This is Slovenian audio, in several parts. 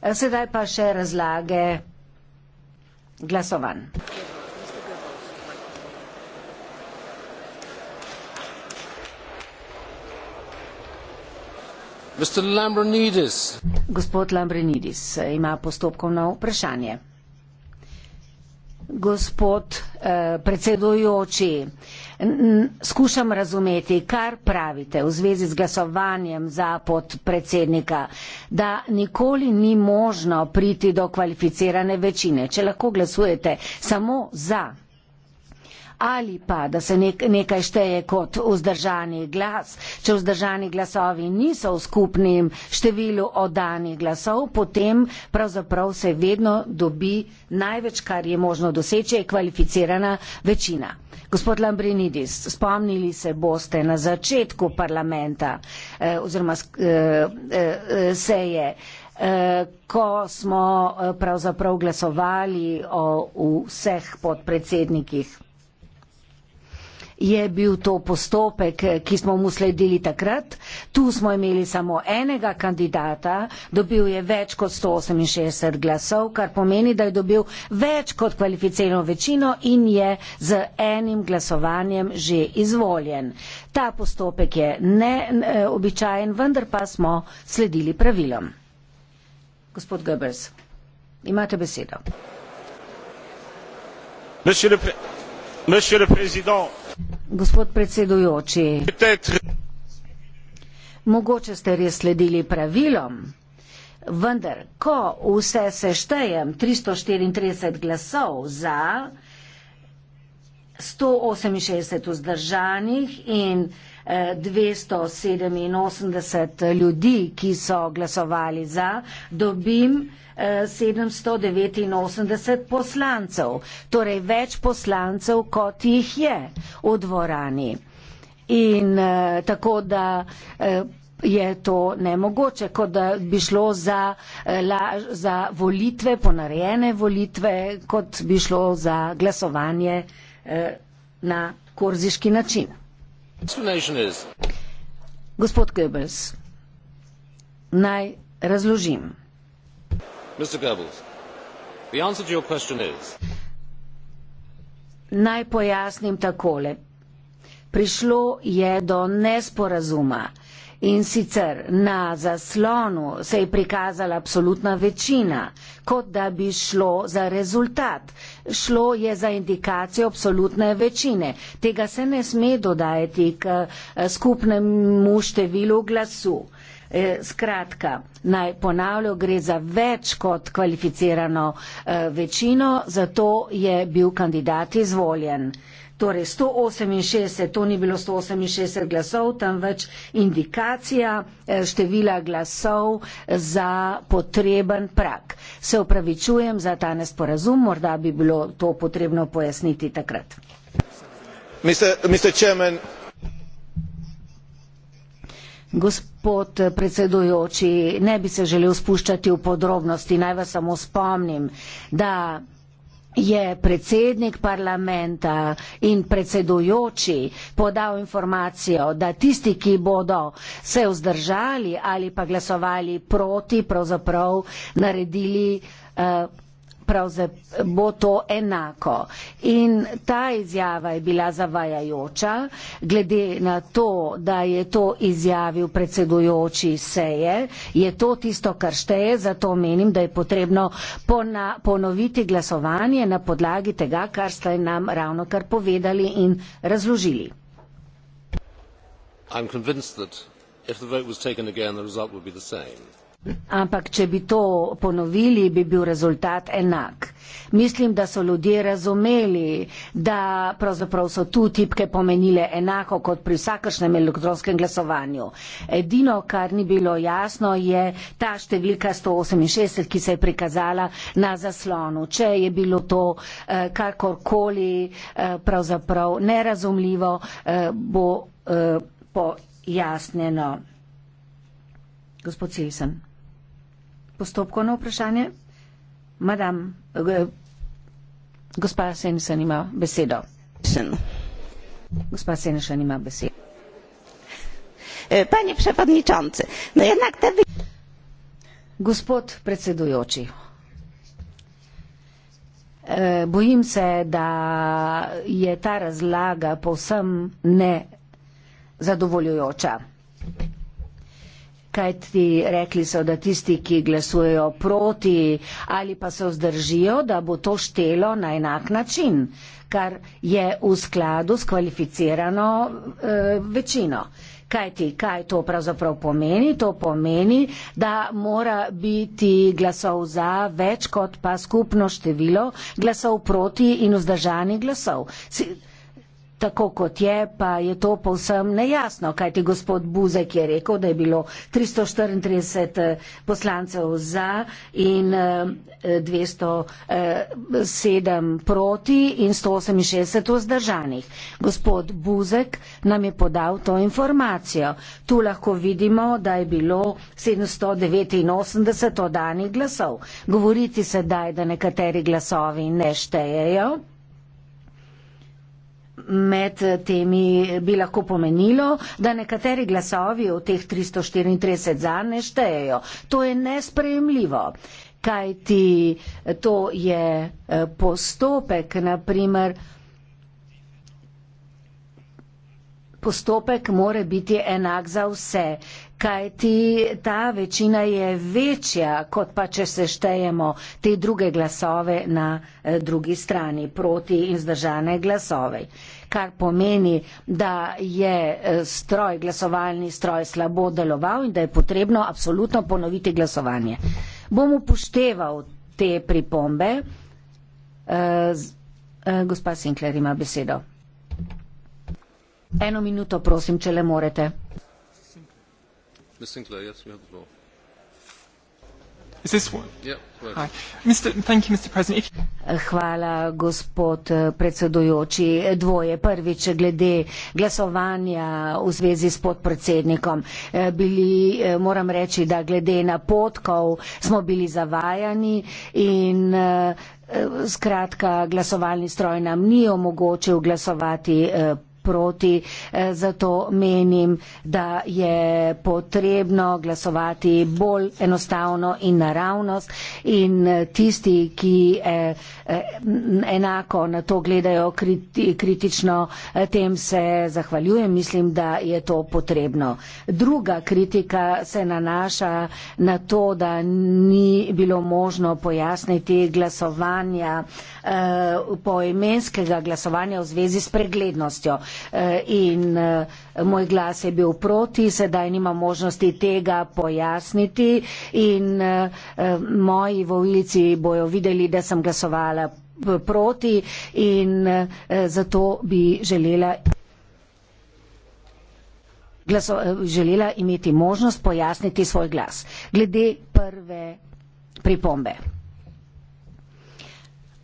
Eh, sedaj pa še razlage glasovanj. Gospod Lambrinidis eh, ima postopkovno vprašanje gospod eh, predsedujoči. Skušam razumeti, kar pravite v zvezi z glasovanjem za podpredsednika, da nikoli ni možno priti do kvalificirane večine, če lahko glasujete samo za ali pa da se nek, nekaj šteje kot vzdržani glas. Če vzdržani glasovi niso v skupnem številu oddanih glasov, potem pravzaprav se vedno dobi največ, kar je možno doseči, je kvalificirana večina. Gospod Lambrinidis, spomnili se boste na začetku parlamenta eh, oziroma eh, eh, seje. Eh, ko smo eh, pravzaprav glasovali o vseh podpredsednikih je bil to postopek, ki smo mu sledili takrat. Tu smo imeli samo enega kandidata, dobil je več kot 168 glasov, kar pomeni, da je dobil več kot kvalificirano večino in je z enim glasovanjem že izvoljen. Ta postopek je neobičajen, vendar pa smo sledili pravilom. Gospod Goebbels, imate besedo. Gospod predsedujoči, mogoče ste res sledili pravilom, vendar, ko vse seštejem 334 glasov za 168 vzdržanih in 287 ljudi, ki so glasovali za, dobim 789 eh, poslancev, torej več poslancev, kot jih je v dvorani. In eh, tako da eh, je to nemogoče, kot da bi šlo za, eh, la, za volitve, ponarejene volitve, kot bi šlo za glasovanje eh, na korziški način gospod goebbels naj razložim naj pojasnim takole prišlo je do nesporazuma In sicer na zaslonu se je prikazala absolutna večina, kot da bi šlo za rezultat. Šlo je za indikacijo absolutne večine. Tega se ne sme dodajati k eh, skupnemu številu glasu. E, skratka, naj ponavljam, gre za več kot kvalificirano e, večino, zato je bil kandidat izvoljen. Torej 168, to ni bilo 168 glasov, temveč indikacija eh, števila glasov za potreben prak. Se upravičujem za ta nesporazum, morda bi bilo to potrebno pojasniti takrat. Mr. Chairman. Gospod predsedujoči, ne bi se želel spuščati v podrobnosti, naj vas samo spomnim, da je predsednik parlamenta in predsedujoči podal informacijo, da tisti, ki bodo se vzdržali ali pa glasovali proti, pravzaprav naredili uh, pravzaprav bo to enako. In ta izjava je bila zavajajoča, glede na to, da je to izjavil predsedujoči seje, je to tisto, kar šteje, zato menim, da je potrebno pona, ponoviti glasovanje na podlagi tega, kar ste nam ravno kar povedali in razložili. I'm convinced that if the vote was taken again, the result would be the same. Ampak, če bi to ponovili, bi bil rezultat enak. Mislim, da so ljudje razumeli, da pravzaprav so tu tipke pomenile enako kot pri vsakršnem elektronskem glasovanju. Edino, kar ni bilo jasno, je ta številka 168, ki se je prikazala na zaslonu. Če je bilo to eh, kakorkoli eh, pravzaprav nerazumljivo, eh, bo eh, pojasneno. Gospod Silsen postopko na vprašanje? Madam, eh, gospa Senesa nima besedo. Gospa Senesa nima besedo. E, Pani predsedujoči, no enak te bi. Gospod predsedujoči, e, bojim se, da je ta razlaga povsem nezadovoljujoča kaj ti rekli so, da tisti, ki glasujejo proti ali pa se vzdržijo, da bo to štelo na enak način, kar je v skladu s kvalificirano e, večino. Kaj ti, kaj to pravzaprav pomeni? To pomeni, da mora biti glasov za več kot pa skupno število glasov proti in vzdržani glasov. Si, tako kot je, pa je to povsem nejasno, kajti gospod Buzek je rekel, da je bilo 334 eh, poslancev za in 207 eh, eh, proti in 168 vzdržanih. Gospod Buzek nam je podal to informacijo. Tu lahko vidimo, da je bilo 789 odanih glasov. Govoriti se daj, da nekateri glasovi ne štejejo med temi bi lahko pomenilo, da nekateri glasovi od teh 334 za ne štejejo. To je nesprejemljivo. Kaj ti to je eh, postopek, naprimer, postopek more biti enak za vse kaj ti ta večina je večja, kot pa če se štejemo te druge glasove na eh, drugi strani, proti in zdržane glasove. Kar pomeni, da je eh, stroj, glasovalni stroj slabo deloval in da je potrebno apsolutno ponoviti glasovanje. Bom upošteval te pripombe. Eh, gospa Sinkler ima besedo. Eno minuto, prosim, če le morete. Mr. Sinclair, yes, you have the floor. Is this one? Yeah, Hi. Mr. Thank you, Mr. President. If eh, Hvala, gospod eh, predsedujoči. Dvoje. Prvič, glede glasovanja v zvezi s podpredsednikom. Eh, bili, moram reči, da glede napotkov smo bili zavajani in skratka glasovalni stroj nam ni omogočil glasovati proti. Eh, zato menim, da je potrebno glasovati bolj enostavno in naravnost in eh, tisti, ki eh, enako na to gledajo kritično, tem se zahvaljujem. Mislim, da je to potrebno. Druga kritika se nanaša na to, da ni bilo možno pojasniti glasovanja, poimenskega glasovanja v zvezi s preglednostjo. Eh, in eh, moj glas je bil proti, sedaj nima možnosti tega pojasniti in eh, moji volilci bojo videli, da sem glasovala proti in zato bi želela. Glaso, želela imeti možnost pojasniti svoj glas. Glede prve pripombe.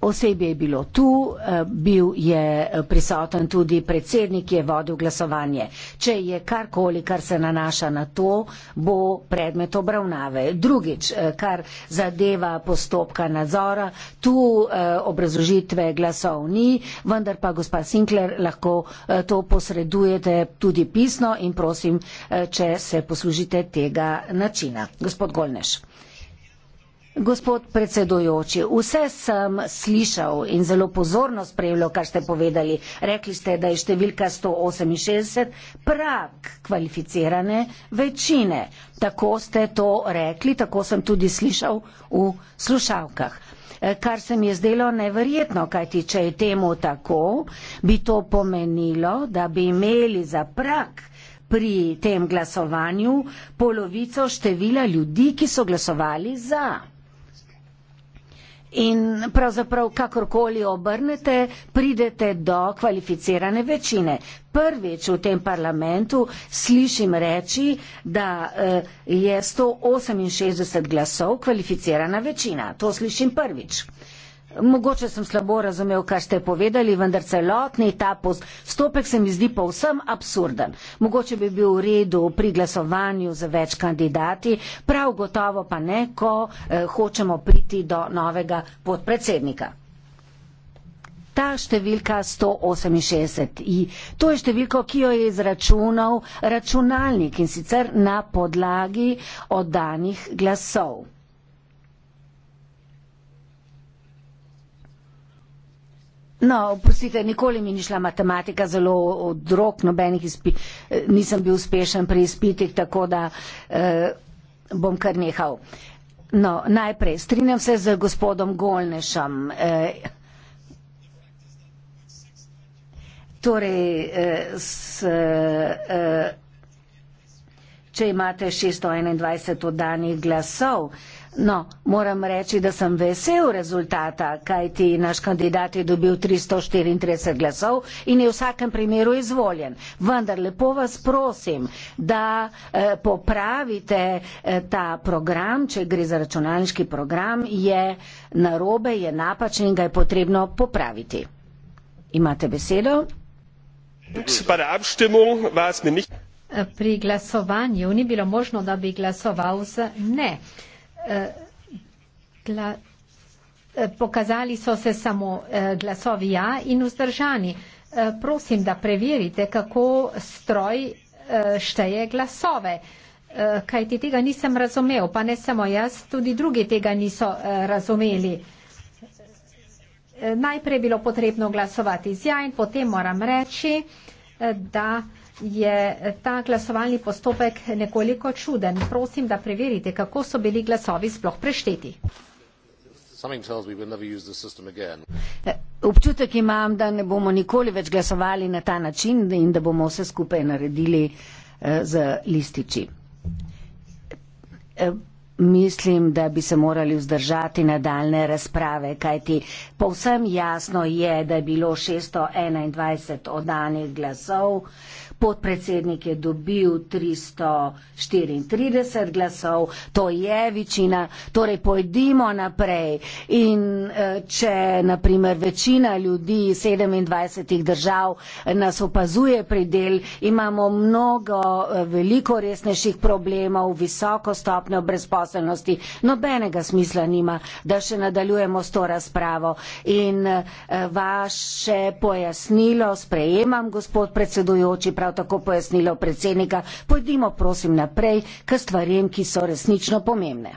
Osebje je bilo tu, eh, bil je eh, prisoten tudi predsednik, ki je vodil glasovanje. Če je karkoli, kar se nanaša na to, bo predmet obravnave. Drugič, eh, kar zadeva postopka nadzora, tu obrazložitve glasov ni, vendar pa gospa Sinkler lahko to posredujete tudi pisno in prosim, če se poslužite tega načina. Gospod Golneš. Gospod predsedujoči, vse sem slišal in zelo pozorno spremljal, kar ste povedali. Rekli ste, da je številka 168 prak kvalificirane večine. Tako ste to rekli, tako sem tudi slišal v slušalkah. E, kar se mi je zdelo neverjetno, kajti če je temu tako, bi to pomenilo, da bi imeli za prak pri tem glasovanju polovico števila ljudi, ki so glasovali za. In pravzaprav, kakorkoli obrnete, pridete do kvalificirane večine. Prvič v tem parlamentu slišim reči, da eh, je 168 glasov kvalificirana večina. To slišim prvič. Mogoče sem slabo razumel, kar ste povedali, vendar celotni ta postopek se mi zdi povsem absurden. Mogoče bi bil v redu pri glasovanju za več kandidati, prav gotovo pa ne, ko eh, hočemo priti do novega podpredsednika. Ta številka 168. To je številko, ki jo je izračunal računalnik in sicer na podlagi oddanih glasov. No, oprostite, nikoli mi ni šla matematika zelo od rok, nobenih izpitih, nisem bil uspešen pri izpitih, tako da eh, bom kar nehal. No, najprej, strinjam se z gospodom Golnešem. Eh, torej, eh, s, eh, če imate 621 oddanih glasov, eh, No, moram reči, da sem vesel rezultata, kajti naš kandidat je dobil 334 glasov in je v vsakem primeru izvoljen. Vendar lepo vas prosim, da eh, popravite eh, ta program, če gre za računalniški program, je narobe, je napačen in ga je potrebno popraviti. Imate besedo? Pri glasovanju ni bilo možno, da bi glasoval z ne gla, eh, pokazali so se samo eh, glasovi ja in vzdržani. Eh, prosim, da preverite, kako stroj šteje glasove. Kaj ti tega nisem razumel, pa ne samo jaz, tudi drugi tega niso razumeli. Najprej je bilo potrebno glasovati z ja in potem moram reči, da je ta glasovalni postopek nekoliko čuden. Prosim, da preverite, kako so bili glasovi sploh prešteti. E, občutek imam, da ne bomo nikoli več glasovali na ta način in da bomo vse skupaj naredili e, z lističi. E, mislim, da bi se morali vzdržati nadaljne razprave, kajti povsem jasno je, da je bilo 621 odanih glasov podpredsednik je dobil 334 glasov, to je večina, torej pojdimo naprej. In eh, če naprimer večina ljudi iz 27 držav nas opazuje pri del, imamo mnogo eh, veliko resnejših problemov, visoko stopnjo brezposelnosti, nobenega smisla nima, da še nadaljujemo s to razpravo. In eh, vaše pojasnilo sprejemam, gospod predsedujoči, prav prav tako pojasnilo predsednika. Pojdimo prosim naprej k stvarem, ki so resnično pomembne.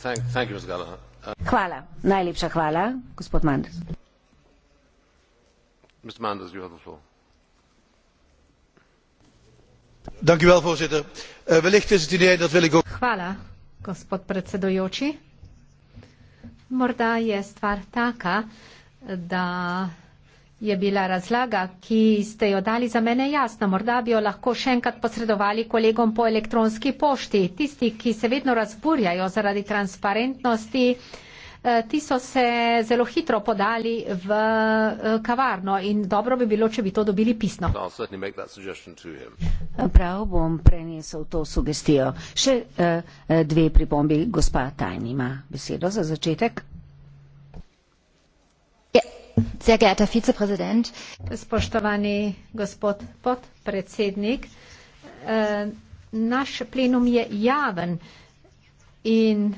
Thank, thank you, uh, hvala. Najlepša hvala, gospod Manders. Manders Dankjewel, voorzitter. Uh, wellicht is het idee dat wil ik ook. Hvala, gospod predsedujoči. Morda je stvar taka, da je bila razlaga, ki ste jo dali za mene jasna. Morda bi jo lahko še enkrat posredovali kolegom po elektronski pošti. Tisti, ki se vedno razburjajo zaradi transparentnosti, eh, ti so se zelo hitro podali v eh, kavarno in dobro bi bilo, če bi to dobili pisno. Prav bom prenesel to sugestijo. Še eh, dve pripombi. Gospa Tajn ima besedo za začetek. Sehr geehrter Vizepräsident, spoštovani gospod podpredsednik, eh, naš plenum je javen in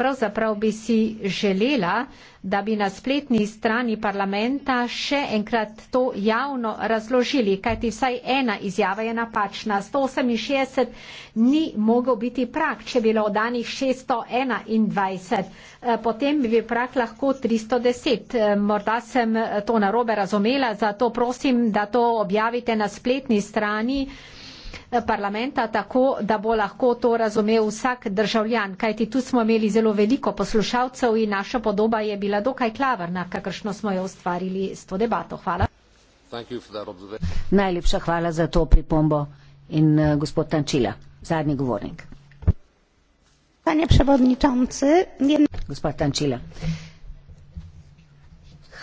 Pravzaprav bi si želela, da bi na spletni strani parlamenta še enkrat to javno razložili, kajti vsaj ena izjava je napačna. 168 ni mogel biti prak, če bilo danih 621, eh, potem bi bil prak lahko 310. Eh, morda sem eh, to narobe razumela, zato prosim, da to objavite na spletni strani parlamenta parlamenta tako, da bo lahko to razumel vsak državljan. Kajti tu smo imeli zelo veliko poslušalcev in naša podoba je bila dokaj klavrna, kakršno smo jo ustvarili s to debato. Hvala. Najlepša hvala za to pripombo in uh, gospod Tančila, zadnji govornik. Panje predsedniče. Gospod Tančila.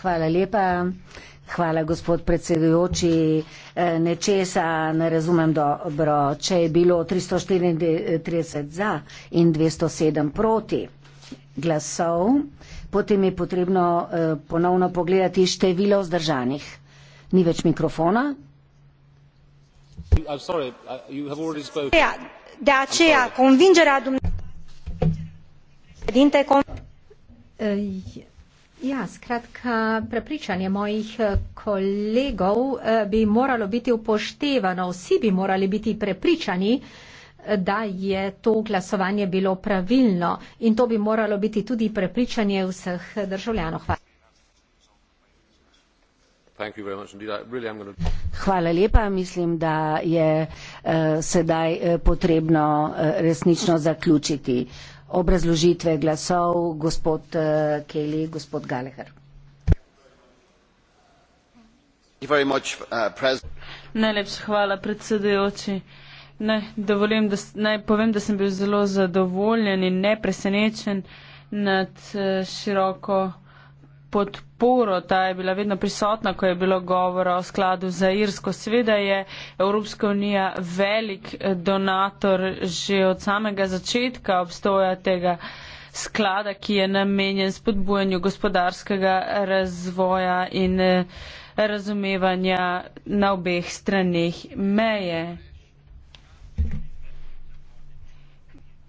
Hvala lepa. Hvala, gospod predsedujoči. E, nečesa ne razumem dobro. Če je bilo 334 za in 207 proti glasov, potem je potrebno e, ponovno pogledati število zdržanih. Ni več mikrofona. De aceea, convingerea dumneavoastră, președinte, convingerea Ja, skratka, prepričanje mojih eh, kolegov eh, bi moralo biti upoštevano. Vsi bi morali biti prepričani, eh, da je to glasovanje bilo pravilno in to bi moralo biti tudi prepričanje vseh državljanov. Hvala. Hvala lepa. Mislim, da je eh, sedaj eh, potrebno eh, resnično zaključiti. Eh, obrazložitve glasov, gospod uh, Kelly, gospod Galeher. Uh, Najlepša hvala, predsedujoči. Ne, dovolim, da, naj povem, da sem bil zelo zadovoljen in nepresenečen nad uh, široko podporo, ta je bila vedno prisotna, ko je bilo govora o skladu za Irsko. Sveda je Evropska unija velik eh, donator že od samega začetka obstoja tega sklada, ki je namenjen spodbujanju gospodarskega razvoja in eh, razumevanja na obeh straneh meje.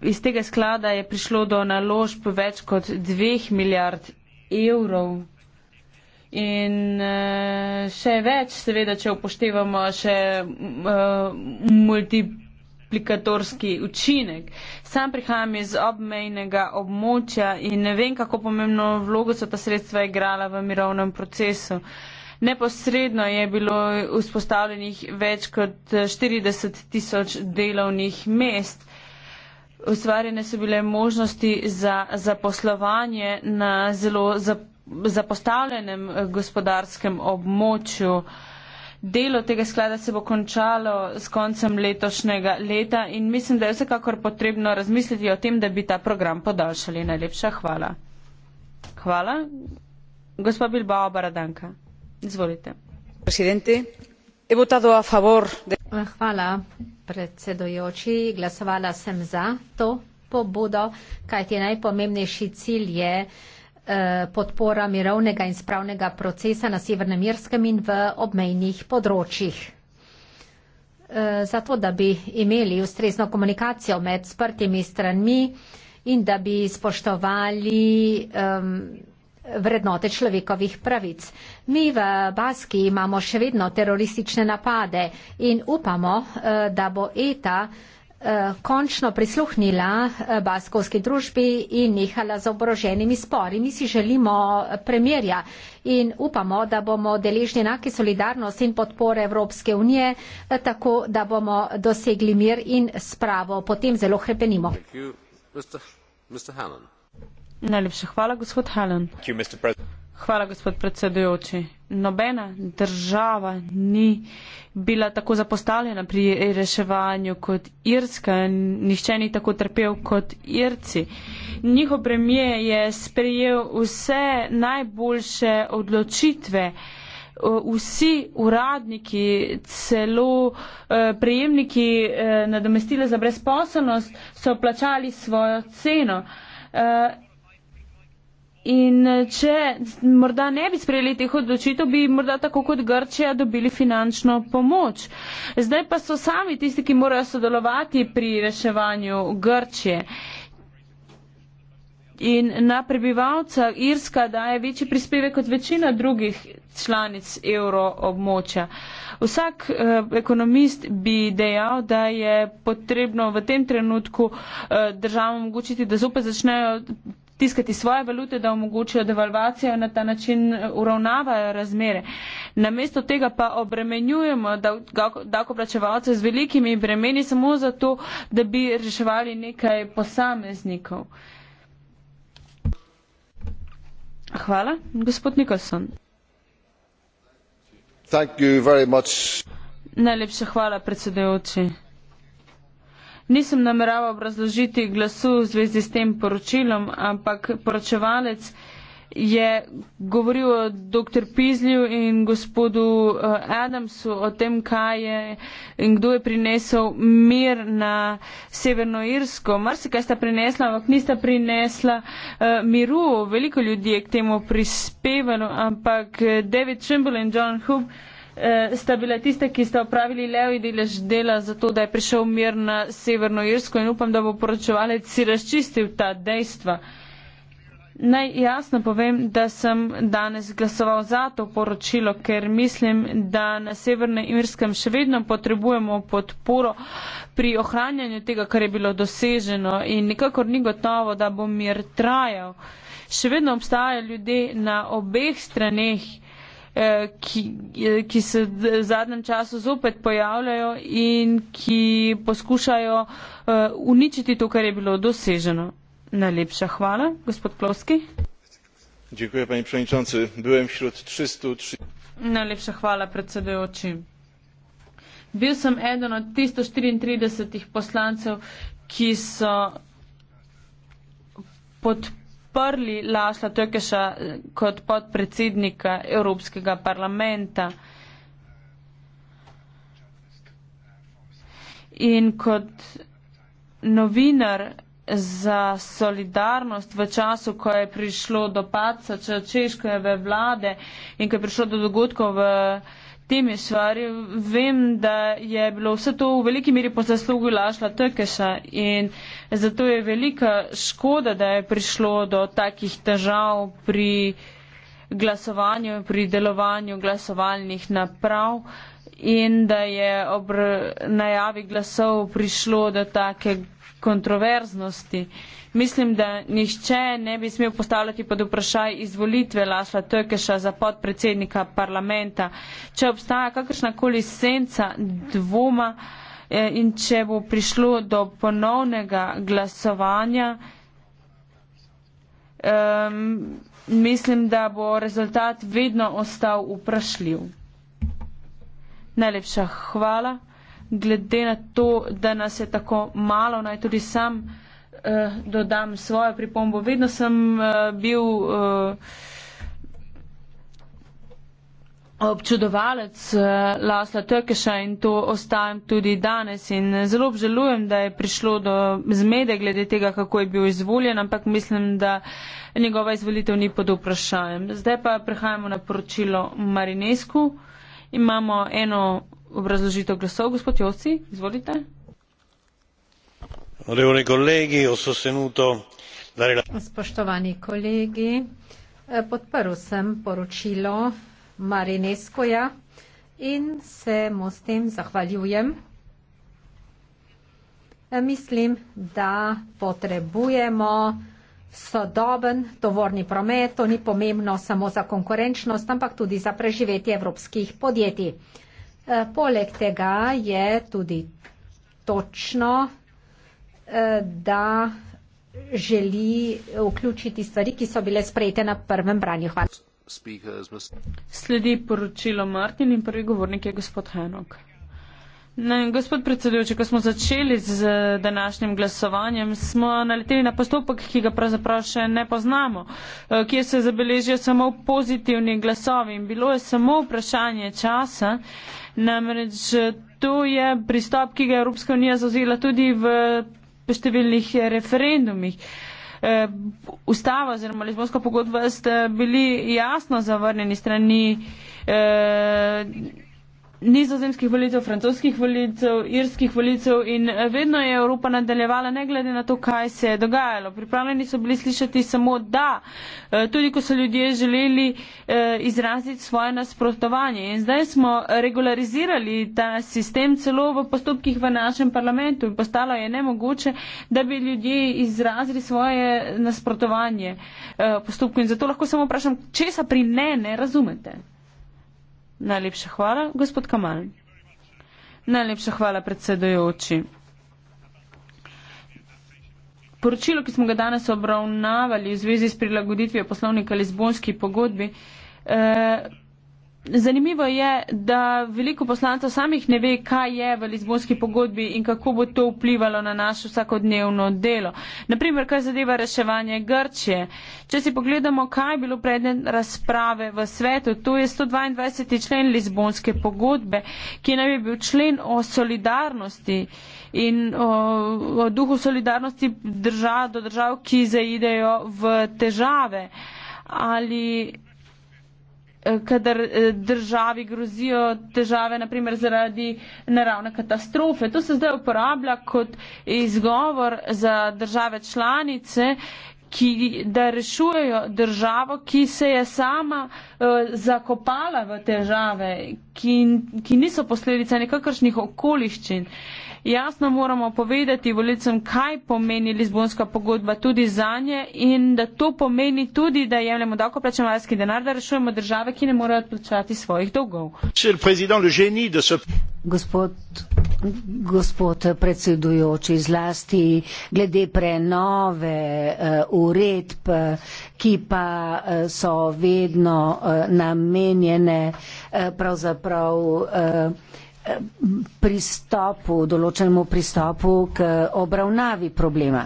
Iz tega sklada je prišlo do naložb več kot dveh milijard evrov. In uh, še več, seveda, če upoštevamo še uh, multiplikatorski učinek. Sam prihajam iz obmejnega območja in ne vem, kako pomembno vlogo so ta sredstva igrala v mirovnem procesu. Neposredno je bilo vzpostavljenih več kot 40 eh, tisoč delovnih mest ustvarjene so bile možnosti za zaposlovanje na zelo zap, zapostavljenem eh, gospodarskem območju. Delo tega sklada se bo končalo s koncem letošnjega leta in mislim, da je vsekakor potrebno razmisliti o tem, da bi ta program podaljšali. Najlepša hvala. Hvala. Gospa Bilbao Baradanka, izvolite. Presidente, he votado a favor de... Eh, hvala, predsedojoči. Glasovala sem za to pobudo, kajti najpomembnejši cilj je eh, podpora mirovnega in spravnega procesa na Severnem Irskem in v obmejnih področjih. Eh, zato, da bi imeli ustrezno komunikacijo med sprtimi stranmi in da bi spoštovali um, vrednote človekovih pravic. Mi v Baski imamo še vedno teroristične napade in upamo, eh, da bo ETA eh, končno prisluhnila eh, baskovski družbi in nehala z obroženimi spori. Mi si želimo premirja in upamo, da bomo deležni enake solidarnosti in podpore Evropske unije, tako da bomo dosegli mir in spravo. Potem zelo hrepenimo. Mr. Mr. Najlepša hvala, gospod Helen. Hvala, gospod predsedujoči. Nobena država ni bila tako zapostavljena pri reševanju kot Irska. Nihče ni tako trpel kot Irci. Njihov premije je sprejel vse najboljše odločitve. Vsi uradniki, celo eh, prejemniki eh, nadomestila za brezposobnost so plačali svojo ceno. Eh, In eh, če morda ne bi sprejeli teh odločitev, bi morda tako kot Grčija dobili finančno pomoč. Zdaj pa so sami tisti, ki morajo sodelovati pri reševanju Grčije. In na prebivalca Irska daje večji prispevek kot večina drugih članic evroobmočja. Vsak eh, ekonomist bi dejal, da je potrebno v tem trenutku eh, državam omogočiti, da zopet začnejo tiskati svoje valute, da omogočajo devalvacijo in na ta način eh, uravnavajo razmere. Namesto tega pa obremenjujemo davkoplačevalce z velikimi bremeni samo zato, da bi reševali nekaj posameznikov. Hvala, gospod Nikolson. Najlepša hvala, predsedujoči. Nisem nameraval obrazložiti glasu v zvezi s tem poročilom, ampak poročevalec je govoril o dr. Pizlju in gospodu eh, Adamsu o tem, kaj je in kdo je prinesel mir na Severno Irsko. Marsikaj sta prinesla, ampak nista prinesla eh, miru. Veliko ljudi je k temu prispevalo, ampak eh, David Chamberlain, John Hub. Eh, sta bila tiste, ki sta opravili levi delež dela za to, da je prišel mir na Severno Irsko in upam, da bo poročevalec si razčistil ta dejstva. Naj jasno povem, da sem danes glasoval za to poročilo, ker mislim, da na Severnem Irskem še vedno potrebujemo podporo pri ohranjanju tega, kar je bilo doseženo in nikakor ni gotovo, da bo mir trajal. Še vedno obstajajo ljudje na obeh straneh. Eh, ki, eh, ki se v zadnjem času zopet pojavljajo in ki poskušajo eh, uničiti to, kar je bilo doseženo. Najlepša hvala, gospod Plovski. Dziękuję, panie przewodniczący. Byłem wśród 300. Najlepsza chwała, przedsedujący. Byłem jednym od 334 posłanców, którzy są pod podprli Lašla Tökeša eh, kot podpredsednika Evropskega parlamenta. In kot novinar za solidarnost v času, ko je prišlo do paca Čečeškojeve vlade in ko je prišlo do dogodkov v Temisvar, vem, da je bilo vse to v veliki meri po zaslugu Lašla Tekeša in zato je velika škoda, da je prišlo do takih težav pri glasovanju, pri delovanju glasovalnih naprav. Uh, in da je ob najavi glasov prišlo do take kontroverznosti. Mislim, da nihče ne bi smel postavljati pod vprašaj izvolitve Lasla Tökeša za podpredsednika parlamenta. Če obstaja kakršnakoli senca dvoma eh, in če bo prišlo do ponovnega glasovanja, um, mislim, da bo rezultat vedno ostal vprašljiv. Najlepša hvala. Glede na to, da nas je tako malo, naj tudi sam eh, dodam svojo pripombo. Vedno sem eh, bil eh, občudovalec eh, Lasla Tökeša in to ostajam tudi danes. In zelo obžalujem, da je prišlo do zmede glede tega, kako je bil izvoljen, ampak mislim, da njegova izvolitev ni pod vprašanjem. Zdaj pa prehajamo na poročilo Marinesku. Imamo eno obrazložitev glasov, gospod Joci, izvolite. Onorevoli kolegi, ososenuto. Spoštovani kolegi, eh, podprl sem poročilo Marineskoja in se mu s tem zahvaljujem. Eh, mislim, da potrebujemo sodoben tovorni promet, to ni pomembno samo za konkurenčnost, ampak tudi za preživetje evropskih podjetij. E, poleg tega je tudi točno, e, da želi vključiti stvari, ki so bile sprejete na prvem branju. Hvala. Sledi poročilo Martin in prvi govornik je gospod Henok. Ne, gospod predsedujoči, ko smo začeli z današnjim glasovanjem, smo naleteli na postopek, ki ga pravzaprav še ne poznamo, eh, kjer se zabeležijo samo pozitivni glasovi. In bilo je samo vprašanje časa, namreč eh, to je pristop, ki ga je Evropska unija zauzela tudi v številnih referendumih. Eh, ustava oziroma Lizbonska pogodba ste bili jasno zavrnjeni strani. Eh, nizozemskih volitev, francoskih volitev, irskih volitev in eh, vedno je Evropa nadaljevala, ne glede na to, kaj se je dogajalo. Pripravljeni so bili slišati samo da, eh, tudi ko so ljudje želeli eh, izraziti svoje nasprotovanje. In zdaj smo regularizirali ta sistem celo v postopkih v našem parlamentu in postalo je nemogoče, da bi ljudje izrazili svoje nasprotovanje postopku. In zato lahko samo vprašam, česa pri ne ne razumete? Najlepša hvala, gospod Kamal. Najlepša hvala, predsedojoči. Poročilo, ki smo ga danes obravnavali v zvezi s prilagoditvijo poslovnika Lizbonski pogodbi, eh, Zanimivo je, da veliko poslancev samih ne ve, kaj je v Lizbonski pogodbi in kako bo to vplivalo na naše vsakodnevno delo. Naprimer, kar zadeva reševanje Grčije. Če si pogledamo, kaj je bilo predne razprave v svetu, to je 122. člen Lizbonske pogodbe, ki naj bi bil člen o solidarnosti in o, o duhu solidarnosti držav do držav, ki zaidejo v težave. Ali Eh, kadar eh, državi grozijo težave, naprimer zaradi naravne katastrofe. To se zdaj uporablja kot izgovor za države članice, ki, da rešujejo državo, ki se je sama uh, zakopala v težave, ki, ki niso posledica nekakršnih okoliščin. Uh, jasno moramo povedati volilcem, kaj pomeni Lizbonska pogodba tudi za nje in da to pomeni tudi, da jemljemo davkoplačevalski denar, da rešujemo države, ki ne morejo odplačati svojih dolgov. Gospod, gospod predsedujoči, zlasti glede prenove uh, uredb, ki pa uh, so vedno uh, namenjene uh, pravzaprav uh, pristopu, določenemu pristopu k obravnavi problema.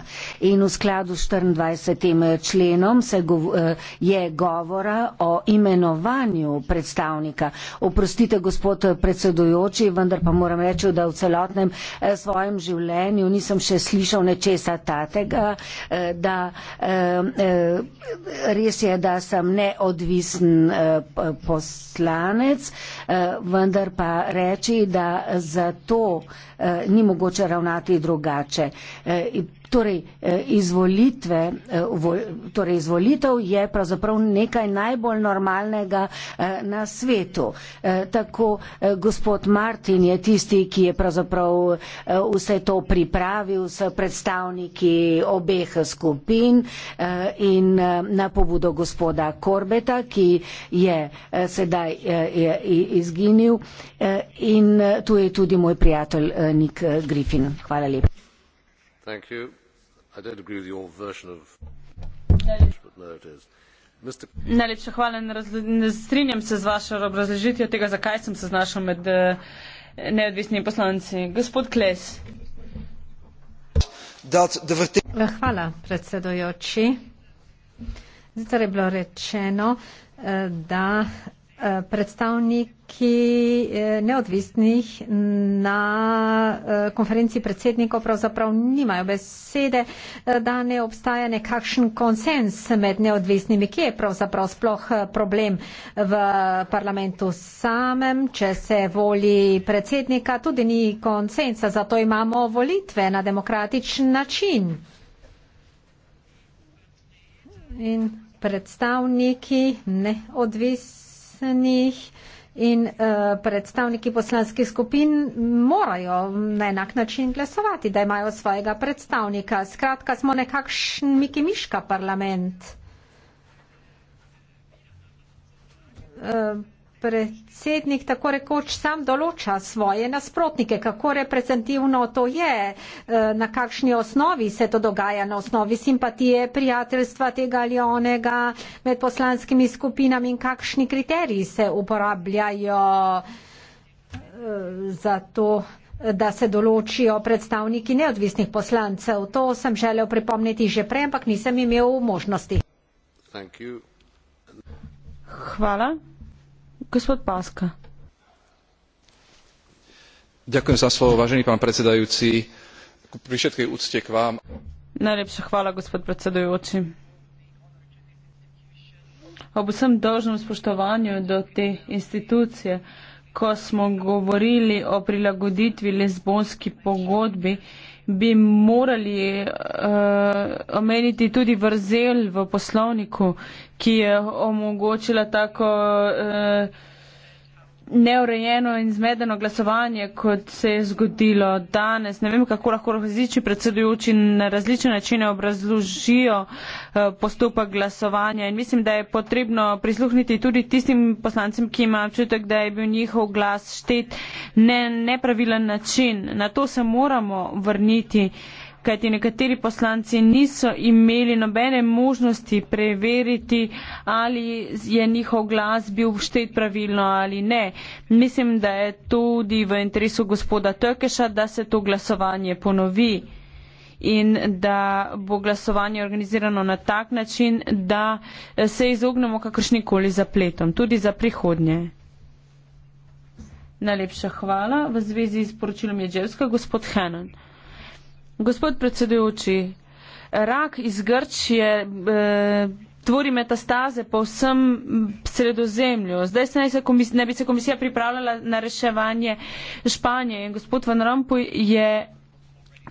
In v skladu s 24. Eh, členom se gov, eh, je govora o imenovanju predstavnika. Oprostite, gospod eh, predsedujoči, vendar pa moram reči, da v celotnem svojem življenju nisem še slišal nečesa tatega, da res je, da sem neodvisen poslanec, vendar pa reči, da zato eh, ni mogoče ravnati drugače. Eh, Torej, eh, izvolitve, eh, torej izvolitev je pravzaprav nekaj najbolj normalnega eh, na svetu. Tako gospod Martin je tisti, ki je pravzaprav vse to pripravil s predstavniki obeh skupin in na pobudo gospoda Korbeta, ki je sedaj izginil in tu je tudi moj prijatelj Nik Griffin. Hvala lepa. Thank you. No, Najlepša hvala. Ne strinjam se z vašo obrazložitijo tega, zakaj sem se znašel med eh, neodvisnimi poslanci. Gospod Kles. Eh, hvala, predsedojoči. Zdaj torej je bilo rečeno, eh, da Eh, predstavniki eh, neodvisnih na eh, konferenci predsednikov pravzaprav nimajo besede, da ne obstaja nekakšen konsens med neodvisnimi, ki je pravzaprav sploh problem v parlamentu samem, če se voli predsednika, tudi ni konsensa, zato imamo volitve na demokratičen način. In predstavniki neodvisnih zaposlenih in uh, predstavniki poslanskih skupin morajo na enak način glasovati, da imajo svojega predstavnika. Skratka, smo nekakšen Miki Miška parlament. Uh, predsednik tako rekoč sam določa svoje nasprotnike, kako reprezentativno to je, eh, na kakšni osnovi se to dogaja, na osnovi simpatije, prijateljstva tega ali onega med poslanskimi skupinami in kakšni kriteriji se uporabljajo eh, za to da se določijo predstavniki neodvisnih poslancev. To sem želel pripomniti že prej, ampak nisem imel možnosti. Hvala gospod Paska. Ďakujem za slovo, vážený pán predsedajúci. Pri všetkej úcte k vám. Najlepšia chvála, gospod predsedajúci. Ob vsem dožnom spoštovanju do te institucije, ko smo govorili o prilagoditvi lezbonski pogodbi, bi morali uh, omeniti tudi vrzel v poslovniku, ki je omogočila tako. Uh, neurejeno in zmedeno glasovanje, kot se je zgodilo danes. Ne vem, kako lahko različni predsedujoči na različne načine obrazložijo eh, postopek glasovanja in mislim, da je potrebno prisluhniti tudi tistim poslancem, ki imajo občutek, da je bil njihov glas štet ne, nepravilen način. Na to se moramo vrniti. Uh, kajti nekateri poslanci niso imeli nobene možnosti preveriti, ali je njihov glas bil štet pravilno ali ne. Mislim, da je tudi v interesu gospoda Tökeša, da se to glasovanje ponovi in da bo glasovanje organizirano na tak način, da eh, se izognemo kakršnikoli zapletom, tudi za prihodnje. Najlepša hvala. V zvezi s poročilom je Dževska, gospod Henan. Gospod predsedujoči, rak iz Grčije e, tvori metastaze po vsem sredozemlju. Zdaj se ne bi se komisija pripravljala na reševanje Španije. In gospod Van Rompuy je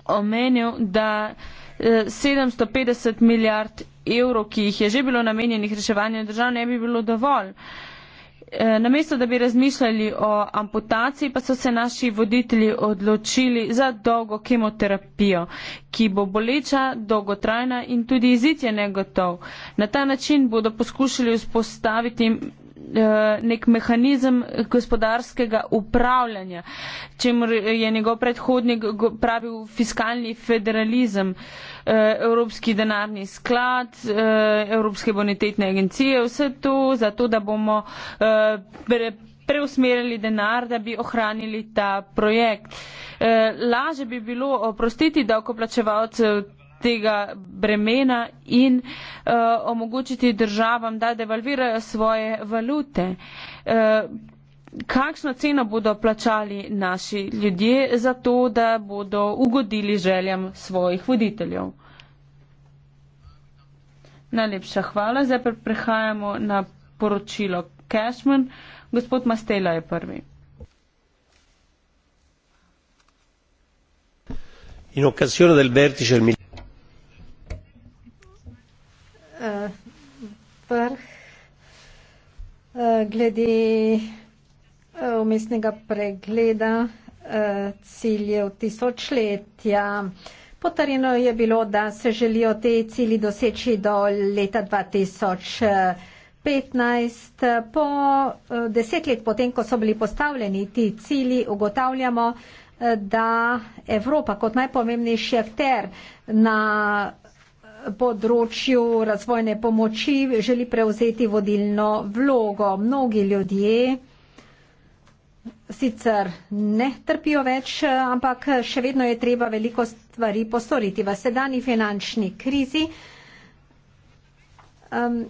omenil, da 750 eh, milijard evrov, ki jih je že bilo namenjenih reševanju držav, ne bi bilo dovolj. E, Eh, namesto da bi razmišljali o amputaciji, pa so se naši voditelji odločili za dolgo kemoterapijo, ki bo boleča, dolgotrajna in tudi izid je negotov. Na ta način bodo poskušali vzpostaviti Eh, nek mehanizem gospodarskega upravljanja, čemu je njegov predhodnik pravil fiskalni federalizem, eh, Evropski denarni sklad, eh, Evropske bonitetne agencije, vse to zato, da bomo pre, preusmerili denar, da bi ohranili ta projekt. Laže bi bilo oprostiti davkoplačevalce tega bremena in uh, omogočiti državam, da devalvirajo svoje valute. Uh, Kakšno ceno bodo plačali naši ljudje za to, da bodo ugodili željam svojih voditeljev? Najlepša hvala. Zdaj prehajamo na poročilo Cashman. Gospod Mastela je prvi. In okazijo del vertiča vrh eh, glede eh, umestnega pregleda eh, ciljev tisočletja. Potarjeno je bilo, da se želijo te cilji doseči do leta 2015. Po deset let potem, ko so bili postavljeni ti cilji, ugotavljamo, da Evropa kot najpomembnejši akter na področju razvojne pomoči želi prevzeti vodilno vlogo. Mnogi ljudje sicer ne trpijo več, ampak še vedno je treba veliko stvari postoriti. V sedani finančni krizi um,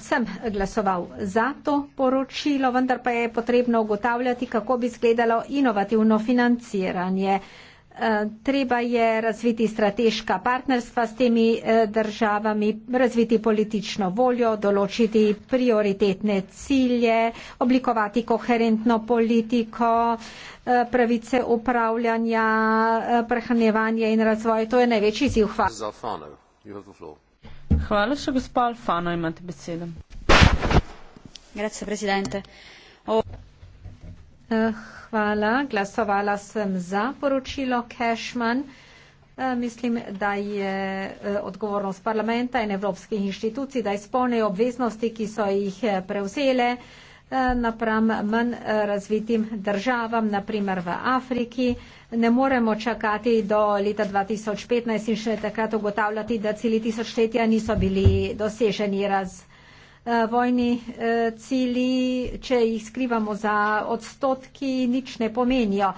sem glasoval za to poročilo, vendar pa je potrebno ugotavljati, kako bi izgledalo inovativno financiranje. Eh, treba je razviti strateška partnerstva s temi eh, državami, razviti politično voljo, določiti prioritetne cilje, oblikovati koherentno politiko, eh, pravice upravljanja, prehranjevanje in razvoj. To je največji ziv. Hvala. Hvala še, gospod Alfano, imate besedo. Grazie, Eh, hvala. Glasovala sem za poročilo Cashman. Eh, mislim, da je eh, odgovornost parlamenta in evropskih inštitucij, da izpolnijo obveznosti, ki so jih prevzele napram manj razvitim državam, naprimer v Afriki. Ne moremo čakati do leta 2015 in še takrat ugotavljati, da cili tisočletja niso bili doseženi raz. Eh, vojni eh, cilji, če jih skrivamo za odstotki, nič ne pomenijo,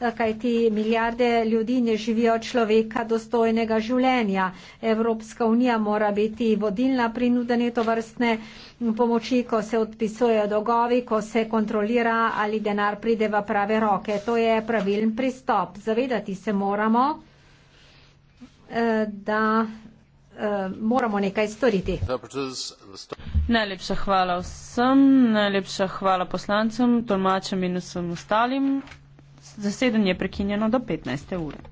eh, kajti milijarde ljudi ne živijo človeka dostojnega življenja. Evropska unija mora biti vodilna pri nudenju tovrstne pomoči, ko se odpisujejo dolgovi, ko se kontrolira ali denar pride v prave roke. To je pravilen pristop. Zavedati se moramo, da Eh, moramo nekaj storiti. Najlepša hvala vsem, najlepša hvala poslancem, tolmačem in vsem ostalim. Zasedanje je prekinjeno do 15. ure.